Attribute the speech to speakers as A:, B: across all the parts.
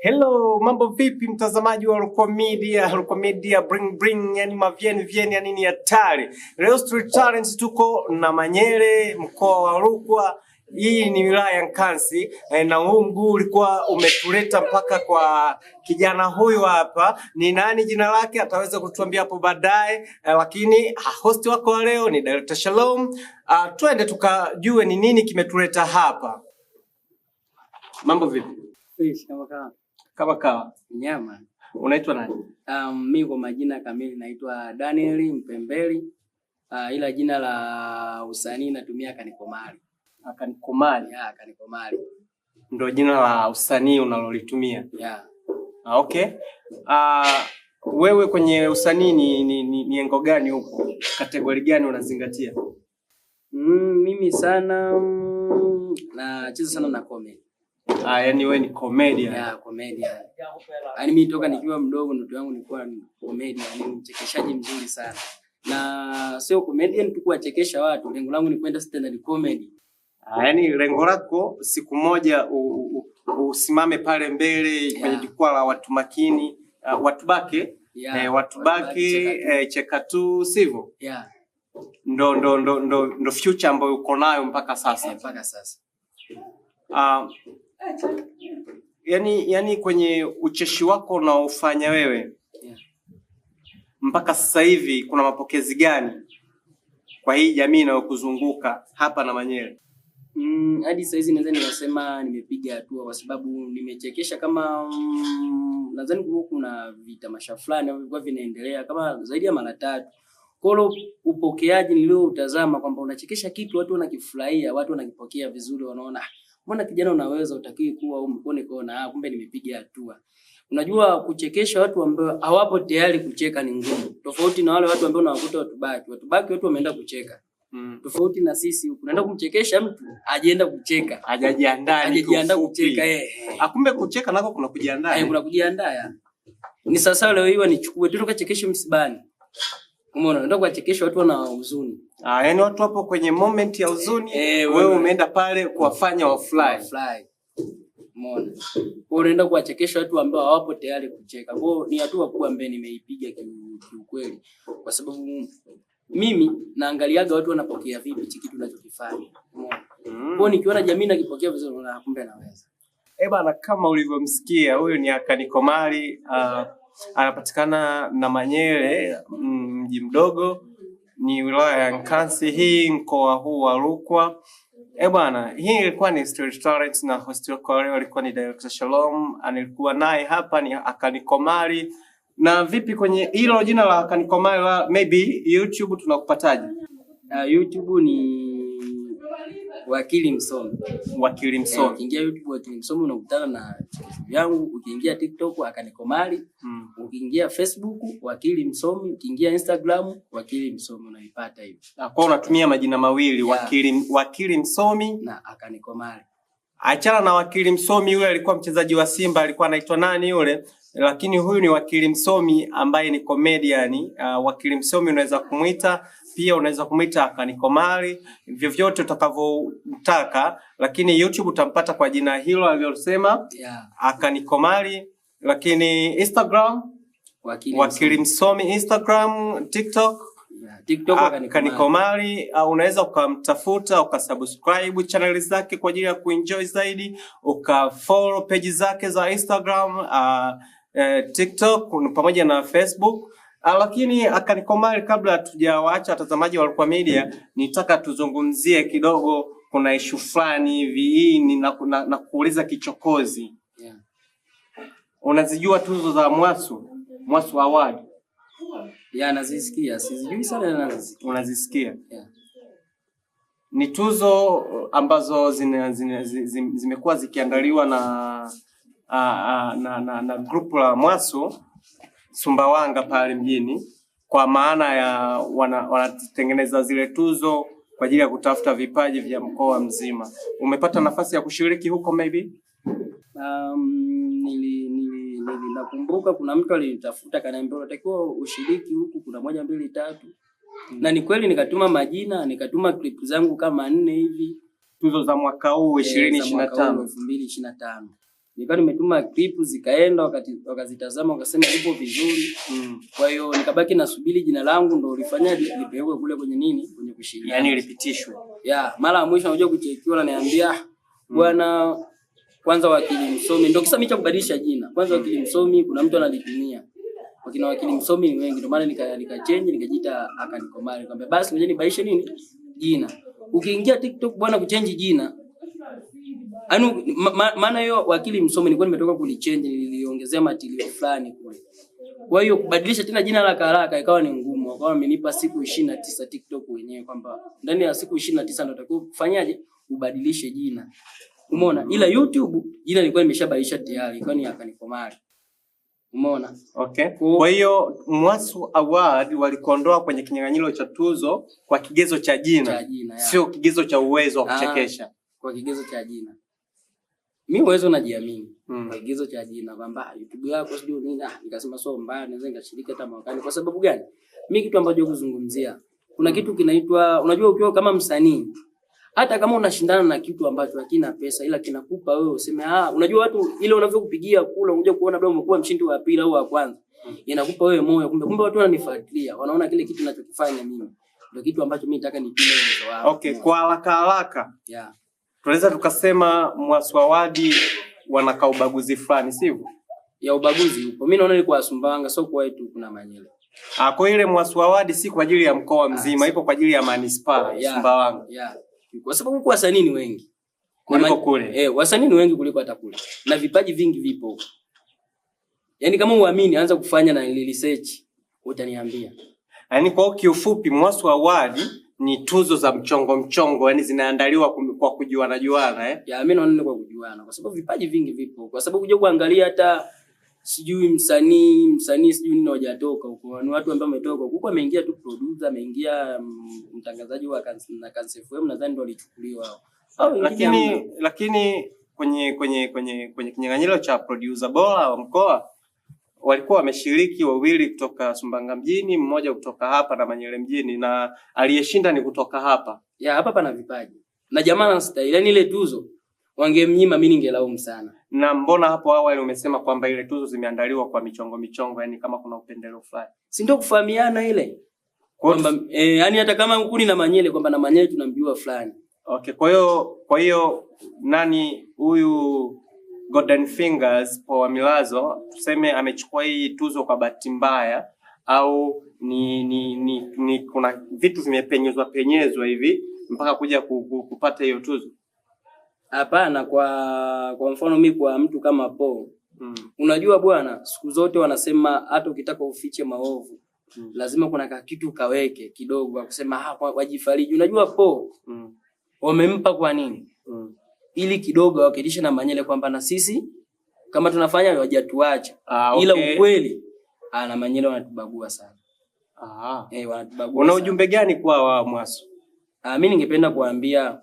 A: Hello, mambo vipi mtazamaji wa Rukwa Media, Rukwa Media bring bring, yani mavieni vieni, yani ni hatari. Leo Street Challenge tuko na Manyere, mkoa wa Rukwa. Hii ni wilaya ya Nkasi e, eh, na huu mguu ulikuwa umetuleta mpaka kwa kijana huyu hapa. Ni nani jina lake? Ataweza kutuambia hapo baadaye e, lakini ah, host wako wa leo ni Director Shalom. Uh, twende tukajue ni nini kimetuleta hapa. Mambo vipi? Kama kawa mnyama, unaitwa nani?
B: Um, mimi kwa majina kamili naitwa Daniel Mpembeli. Uh, ila jina la usanii natumia Kanikomali.
A: Kanikomali.
B: ah, Kanikomali
A: ndio jina la usanii unalolitumia yeah. Ah, okay. Ah, wewe kwenye usanii ni, ni, ni, ni engo gani huko, kategori gani unazingatia?
B: Mm, mimi sana mm, nacheza sana na comedy
A: Ah, yani wewe ni comedian.
B: Yeah, comedian. Yaani mimi toka nikiwa mdogo ndoto yangu nilikuwa ni comedian, ni mchekeshaji mzuri sana. Na sio comedian tu kuwachekesha watu, lengo langu ni kwenda stand-up comedy.
A: Ah, yani lengo lako siku moja u, u, usimame pale mbele yeah, kwenye jukwaa la watu makini, uh, watu bake, yeah, eh, watu bake eh, cheka tu, sivyo? Yeah. Ndo, ndo, ndo, ndo, ndo future ambayo uko nayo mpaka sasa.
B: Eh, mpaka sasa.
A: Um, yani, yani kwenye ucheshi wako unaofanya wewe mpaka sasa hivi kuna mapokezi gani kwa hii jamii inayokuzunguka hapa na Manyere?
B: Mm, hadi sasa hizi nadhani nasema nimepiga hatua kwa sababu nimechekesha kama mm, nadhani kuna vitamasha fulani vilikuwa vinaendelea kama zaidi ya mara tatu. Kwa hiyo upokeaji nilio utazama kwamba unachekesha kitu watu wanakifurahia, watu wanakipokea vizuri, wanaona ah, Mbona kijana unaweza utakii kuwa umkone kona, ah, kumbe nimepiga hatua. Unajua kuchekesha watu ambao hawapo tayari kucheka ni ngumu. Tofauti na wale watu ambao unawakuta watu baki, watu baki watu wameenda kucheka. Mm. Tofauti na sisi huku unaenda kumchekesha mtu ajienda kucheka,
A: ajajiandaa
B: ajajiandaa kucheka eh.
A: Akumbe ah, kucheka nako kuna kujiandaa. Eh,
B: eh, kuna kujiandaa. ya. Ni sasa leo hiyo nichukue tu tukachekeshe msibani. Umeona, ndio kuwachekesha watu wana huzuni.
A: Ah, yani watu wapo kwenye moment ya huzuni, eh, eh, wewe umeenda pale kuwafanya mm. wafurahi.
B: Umeona? Unaenda kuwachekesha watu ambao hawapo tayari kucheka. Kwa hiyo ni hatua kubwa ambayo nimeipiga kiukweli, kwa sababu mimi naangaliaga watu wanapokea vipi hichi kitu ninachokifanya. Umeona? Mm. Kwa hiyo nikiona jamii nakipokea vizuri, na kumbe naweza.
A: Eh, bana, kama ulivyomsikia huyo ni Akani Komali uh, ah, anapatikana na Manyere mm, mji mdogo ni wilaya ya Nkasi hii mkoa huu wa Rukwa. E bwana, hii ilikuwa ni Story na host wako wa leo alikuwa ni Director Shalom, anilikuwa naye hapa ni akanikomali. Na vipi kwenye hilo jina la akanikomali, maybe YouTube tunakupataje?
B: Uh, YouTube ni Wakili Msomi.
A: Wakili eh, Msomi.
B: Ukiingia YouTube Wakili Msomi unakutana na YouTube yangu, ukiingia TikTok akanikomali, mm. Ukiingia Facebook Wakili Msomi, ukiingia Instagram Wakili Msomi unaipata hiyo.
A: Na Kwa unatumia majina mawili yeah. Wakili, Wakili Msomi
B: na akanikomali.
A: Achana na Wakili Msomi, yule alikuwa mchezaji wa Simba, alikuwa anaitwa nani yule? Lakini huyu ni Wakili Msomi ambaye ni comedian. Uh, Wakili Msomi unaweza kumwita pia unaweza kumwita Kanikomali vyovyote utakavyotaka, lakini YouTube utampata kwa jina hilo alilosema, yeah. Akanikomali, lakini Instagram
B: Wakili, Msomi,
A: Instagram, TikTok TikTok unaweza ukamtafuta ukasubscribe chaneli zake kwa ajili ya kuenjoy zaidi, ukafollow page zake za Instagram, uh, uh, TikTok pamoja na Facebook lakini akanikomali, kabla tujawaacha watazamaji wa Rukwa Media, nitaka tuzungumzie kidogo, kuna ishu fulani hivi hii na, na, na kuuliza kichokozi yeah. Unazijua tuzo za Mwasu Mwasu Award?
B: Yeah, nazisikia, sizijui sana, nazisikia.
A: Unazisikia? Yeah. Ni tuzo ambazo zimekuwa zine, zine, zime zikiandaliwa na, na, na, na, na grupu la Mwasu Sumbawanga pale mjini, kwa maana ya wanatengeneza wana zile tuzo kwa ajili ya kutafuta vipaji vya mkoa mzima. Umepata nafasi ya kushiriki huko maybe?
B: Um, nili, nili, nili nakumbuka kuna mtu alinitafuta kaniambia unatakiwa ushiriki huku, kuna moja mbili tatu hmm. Na ni kweli nikatuma majina, nikatuma clip zangu kama nne hivi,
A: tuzo za mwaka huu 2025 eh,
B: 2025 nilikuwa nimetuma clip zikaenda, wakati wakazitazama wakasema ipo vizuri mm. Kwa hiyo nikabaki nasubiri jina langu ndo ulifanya lipeuke kule kwenye nini kwenye kushiriki,
A: yani ilipitishwe
B: yeah. Mara ya mwisho nakuja kuchekiwa na niambia mm. bwana kwanza wakili msomi ndio kisa mimi cha kubadilisha jina kwanza mm. wakili msomi kuna mtu analitumia wakina wakili msomi ni wengi, ndio maana nika nika change nikajiita akanikomali, kwamba basi ngoja nibadilishe nini jina. Ukiingia TikTok bwana kuchange jina Anu maana hiyo wakili msomi nilikuwa nimetoka kulichange niliongezea matilio fulani kule. Kwa hiyo kubadilisha tena jina la haraka ikawa ni ngumu. Wakawa wamenipa siku 29 TikTok wenyewe kwamba ndani ya siku 29 ndio utakufanyaje ubadilishe jina. Umeona? Ila YouTube jina nilikuwa nimeshabadilisha tayari, kwani akanikomali. Umeona?
A: Okay. Kwa hiyo Mwasu Award walikondoa kwenye kinyang'anyiro cha tuzo kwa kigezo cha jina, sio kigezo cha uwezo wa ah, kuchekesha.
B: Kwa kigezo cha jina mi uwezo unajiamini mm. Maigizo cha jina kwamba ah, YouTube yako sijui nini, ah, nikasema so mbaya, naweza nikashiriki hata mwakani. Kwa sababu gani? Mi kitu ambacho kuzungumzia, kuna mm. kitu kinaitwa, unajua, ukiwa kama msanii, hata kama unashindana na kitu ambacho hakina pesa, ila kinakupa wewe useme, ah, unajua watu ile unavyokupigia kula, unakuja kuona bado umekuwa mshindi wa pili au wa kwanza, mm. inakupa wewe moyo, kumbe kumbe watu wananifuatilia, wanaona kile kitu ninachokifanya mimi ndio kitu ambacho mimi nataka nipime uwezo
A: wangu. Okay, kwa haraka haraka, yeah tunaweza tukasema mwaswawadi wanakaa ubaguzi fulani, sivyo?
B: ya ubaguzi upo. Mimi naona ni kwa sumbanga sio kwa kwetu kuna Manyele.
A: Ah, kwa ile mwaswawadi si kwa ajili ya mkoa ah, mzima, ipo kwa ajili ya manispaa ah, ya Sumbawanga.
B: Yeah. Kwa sababu kwa wasanii ni wengi.
A: Kuliko kule.
B: Eh, wasanii ni wengi kuliko hata kule. Na vipaji vingi vipo. yani kama uamini anza kufanya na research utaniambia.
A: yani kwa kiufupi Mswawadi ni tuzo za mchongo mchongo, yani zinaandaliwa kwa kujuana juana eh?
B: Ya mimi naona ni kwa kujuana, kwa sababu vipaji vingi vipo, kwa sababu kuja kuangalia hata sijui msanii msanii sijui nini hajatoka huko, ni watu ambao wametoka huko, ameingia tu producer, ameingia mm, mtangazaji wa na Kansai FM, nadhani ndio alichukuliwa
A: hao, lakini lakini kwenye kwenye kwenye kwenye kinyang'anyiro cha producer bora wa mkoa walikuwa wameshiriki wawili kutoka Sumbanga mjini, mmoja kutoka hapa na Manyele mjini, na aliyeshinda ni kutoka hapa
B: ya hapa. Pana vipaji na jamaa anastahili, yani ile tuzo wangemnyima mimi ningelaumu sana.
A: Na mbona hapo awali umesema kwamba ile tuzo zimeandaliwa kwa michongo michongo, yani kama kuna upendeleo fulani,
B: si ndio? Kufahamiana ile kwamba eh, yani hata kama ukuni na Manyele kwamba na Manyele tunamjua fulani.
A: Okay, kwa hiyo kwa hiyo nani huyu Golden Fingers Paul Milazo, tuseme amechukua hii tuzo kwa bahati mbaya au ni, ni, ni, ni kuna vitu vimepenyezwa penyezwa hivi mpaka kuja kupata hiyo tuzo?
B: Hapana, kwa kwa mfano mi kwa mtu kama po hmm. Unajua bwana, siku zote wanasema hata ukitaka ufiche maovu hmm. lazima kuna kakitu kaweke kidogo, akusema ah, wajifariji. Unajua po hmm. wamempa kwa nini hmm ili kidogo awakilishe na Manyele kwamba na sisi kama tunafanya wajatuache.
A: Ah, okay. Ila
B: ukweli ah, na Manyele wanatubagua sana.
A: Ah. Eh, wanatubagua. Una ujumbe gani kwa wa Mwasu?
B: Ah, mimi ningependa kuambia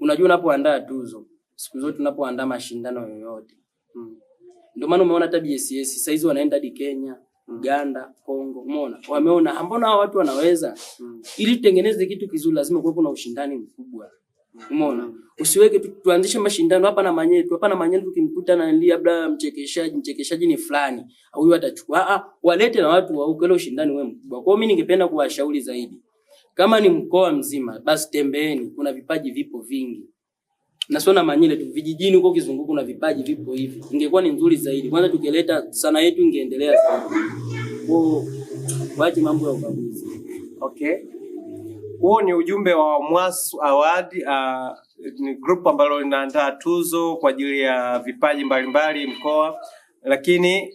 B: unajua, unapoandaa tuzo siku zote unapoandaa mashindano yoyote hmm. Ndio maana umeona hata BSS saizi wanaenda di Kenya, hmm. Uganda, Kongo, umeona wameona, mbona hao watu wanaweza hmm. Ili tutengeneze kitu kizuri lazima kuwe kuna ushindani mkubwa. Umeona? Usiweke tuanzishe mashindano hapa na manyeli tu, hapa na manyeli tukimkuta na nili labda mchekeshaji, mchekeshaji ni fulani. Au Huyu atachukua. Ah, walete na watu wa huko ile ushindani wewe mkubwa. Kwa hiyo mimi ningependa kuwashauri zaidi. Kama ni mkoa mzima, basi tembeeni, kuna vipaji vipo vingi. Na sio na manyeli tu, vijijini huko kizunguko kuna vipaji vipo hivi. Ingekuwa ni nzuri zaidi. Kwanza tukileta sana yetu ingeendelea sana. Kwa hiyo waache mambo ya ubaguzi.
A: Okay. Huo ni ujumbe wa Mwasu Award uh, ni group ambalo linaandaa tuzo kwa ajili ya vipaji mbalimbali mkoa, lakini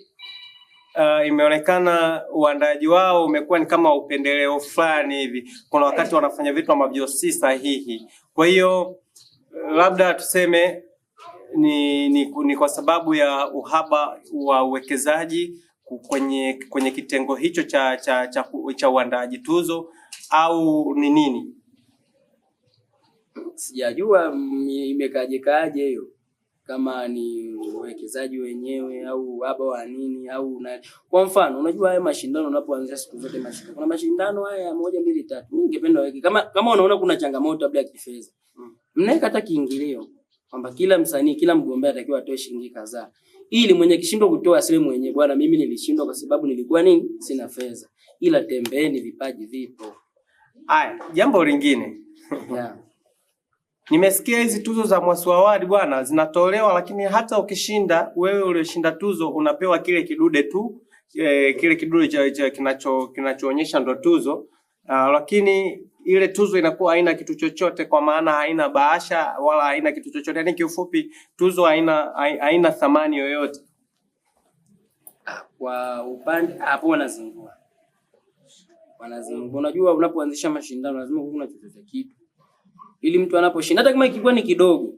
A: uh, imeonekana uandaaji wao umekuwa ni kama upendeleo fulani hivi. Kuna wakati wanafanya vitu ambavyo si sahihi, kwa hiyo labda tuseme ni, ni, ni kwa sababu ya uhaba wa uwekezaji kwenye kwenye kitengo hicho cha cha cha, cha uandaaji tuzo au ni nini?
B: Sijajua imekaje kaje hiyo, kama ni uwekezaji wenyewe au baba wa nini au na... kwa mfano, unajua haya mashindano unapoanzia siku zote mashindano, kuna mashindano haya moja mbili tatu. Mimi ningependa weke kama kama unaona kuna changamoto labda ya kifedha, hmm. mnaweka hata kiingilio kwamba kila msanii, kila mgombea atakiwa atoe shilingi kadhaa, ili mwenye kishindo kutoa asile mwenye bwana, mimi nilishindwa kwa sababu nilikuwa nini, sina fedha. Ila tembeeni, vipaji vipo.
A: Haya, jambo lingine
B: yeah.
A: Nimesikia hizi tuzo za Mwasu Award bwana zinatolewa, lakini hata ukishinda wewe ulioshinda tuzo unapewa kile kidude tu e, kile kidude cha, cha, kinacho kinachoonyesha ndo tuzo uh, lakini ile tuzo inakuwa haina kitu chochote, kwa maana haina bahasha wala haina kitu chochote, yaani kiufupi tuzo haina haina thamani yoyote.
B: Ah, kwa upande hapo nazungua wanazunguka. Unajua, unapoanzisha mashindano lazima uwe na chochote kitu, ili mtu anaposhinda hata kama ikikuwa ni kidogo,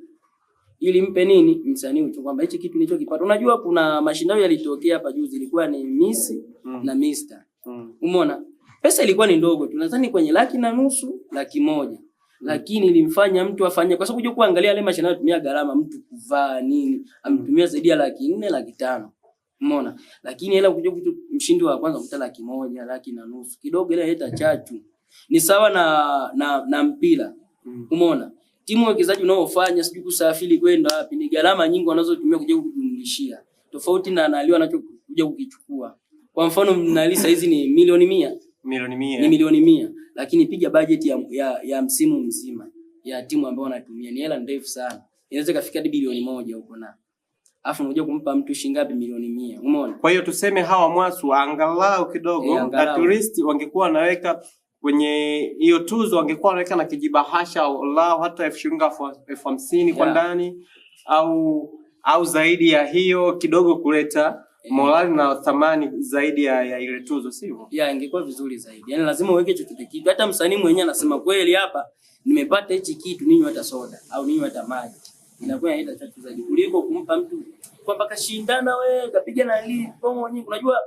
B: ili mpe nini msanii tu kwamba hichi kitu nilicho kipata. Unajua, kuna mashindano yalitokea hapa juzi, ilikuwa ni Miss mm. na Mister mm. umeona, pesa ilikuwa ni ndogo tu, nadhani kwenye laki na nusu, laki moja mm. lakini ilimfanya mtu afanye, kwa sababu unajua kuangalia yale mashindano yanatumia gharama, mtu kuvaa nini, ametumia zaidi ya laki nne laki tano. Umeona? Lakini hela ukija kuta mshindi wa kwanza kuta laki moja, laki na nusu. Kidogo ile heta chachu. Ni sawa na na, na mpira. Mm. Umeona? Timu wekezaji unaofanya sijui kusafiri kwenda wapi ni gharama nyingi wanazotumia kuja kujumlishia. Tofauti na analiwa anachokuja kukichukua. Kwa mfano mnali hizi ni milioni mia. Milioni mia. Ni milioni mia. Lakini piga bajeti ya, ya, ya msimu mzima ya timu ambayo wanatumia ni hela ndefu sana. Inaweza kufika hadi bilioni moja huko na afu unajua kumpa mtu shilingi ngapi? Milioni 100 Umeona?
A: Kwa hiyo tuseme hawa mwasu angalau kidogo, e, at least wangekuwa naweka kwenye hiyo tuzo, wangekuwa naweka na kijibahasha lao hata elfu shilingi elfu hamsini kwa ndani au au zaidi ya hiyo kidogo, kuleta e, morali na thamani zaidi ya, ya ile tuzo, sivyo?
B: Ya ingekuwa vizuri zaidi. Yani lazima uweke chochote kitu, hata msanii mwenyewe anasema kweli, hapa nimepata hichi kitu, ninywe hata soda au ninywe hata maji inakuwa inaenda chachu zaidi kuliko kumpa mtu kwamba kashindana wewe kapiga na lili pomo nyingi. Unajua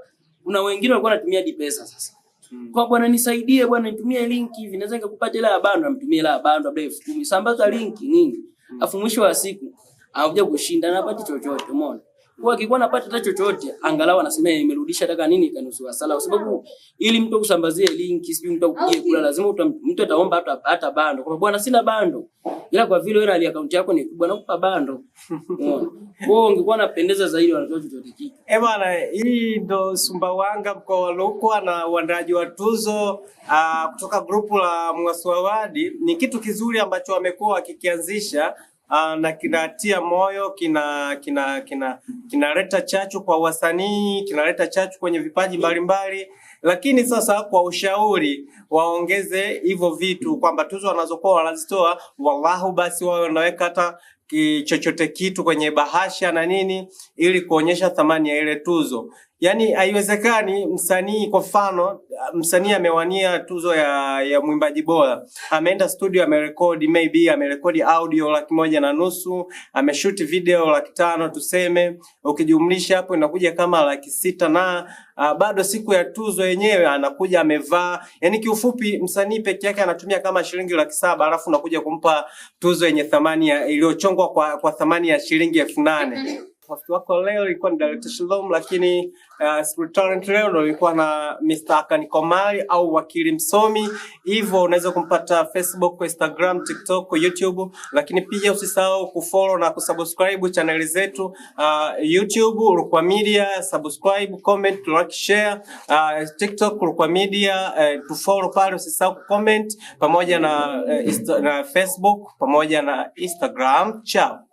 B: kuna wengine walikuwa wanatumia di pesa sasa. Hmm. Kwa bwana nisaidie bwana nitumie link hivi naweza nikakupa hela ya bando na hela ya bando labda elfu kumi sambaza link nini. Hmm. Afu mwisho wa siku anakuja kushindana hapati chochote umeona kwa kikuwa napata hata chochote, angalau anasema imerudisha taka nini kanusua sala, kwa sababu ili mtu akusambazie link, sijui mtu akuje kula, lazima mtu ataomba hata hata bando, kwa bwana, sina bando, ila kwa vile wewe ali account yako ni kubwa, nakupa bando. kwa hiyo ungekuwa napendeza zaidi, wanatoa chochote kiki.
A: Eh bwana, hii ndo Sumbawanga mkoa wa Rukwa na uandaji wa tuzo ah, kutoka grupu la Mwaswawadi ni kitu kizuri ambacho wamekuwa wakikianzisha uh, na kinatia moyo, kina kina kina kinaleta chachu kwa wasanii, kinaleta chachu kwenye vipaji mbalimbali. Lakini sasa kwa ushauri waongeze hivyo vitu kwamba tuzo wanazokuwa wanazitoa wallahu, basi wawe wanaweka hata kichochote kitu kwenye bahasha na nini, ili kuonyesha thamani ya ile tuzo. Yaani haiwezekani msanii, kwa mfano, msanii amewania tuzo ya, ya mwimbaji bora, ameenda studio amerekodi, maybe amerekodi audio laki moja na nusu, ameshuti video laki tano tuseme, ukijumlisha hapo inakuja kama laki sita na a, ah, bado siku ya tuzo yenyewe anakuja amevaa, yaani kiufupi msanii peke yake anatumia kama shilingi laki saba alafu unakuja kumpa tuzo yenye thamani iliyochongwa kwa, kwa thamani ya shilingi elfu nane mm-hmm utafiti wako leo ilikuwa ni Dar Shalom, lakini uh, eh, Spirit Talent leo ndo ilikuwa na Mr. Akani Komali au wakili msomi. Hivyo unaweza kumpata Facebook, Instagram, TikTok, YouTube, lakini pia usisahau kufollow na kusubscribe channel zetu uh, YouTube Rukwa Media, subscribe, comment, like, share, uh, TikTok Rukwa Media, uh, tufollow pale, usisahau kucomment pamoja na, uh, na Facebook pamoja na Instagram Ciao.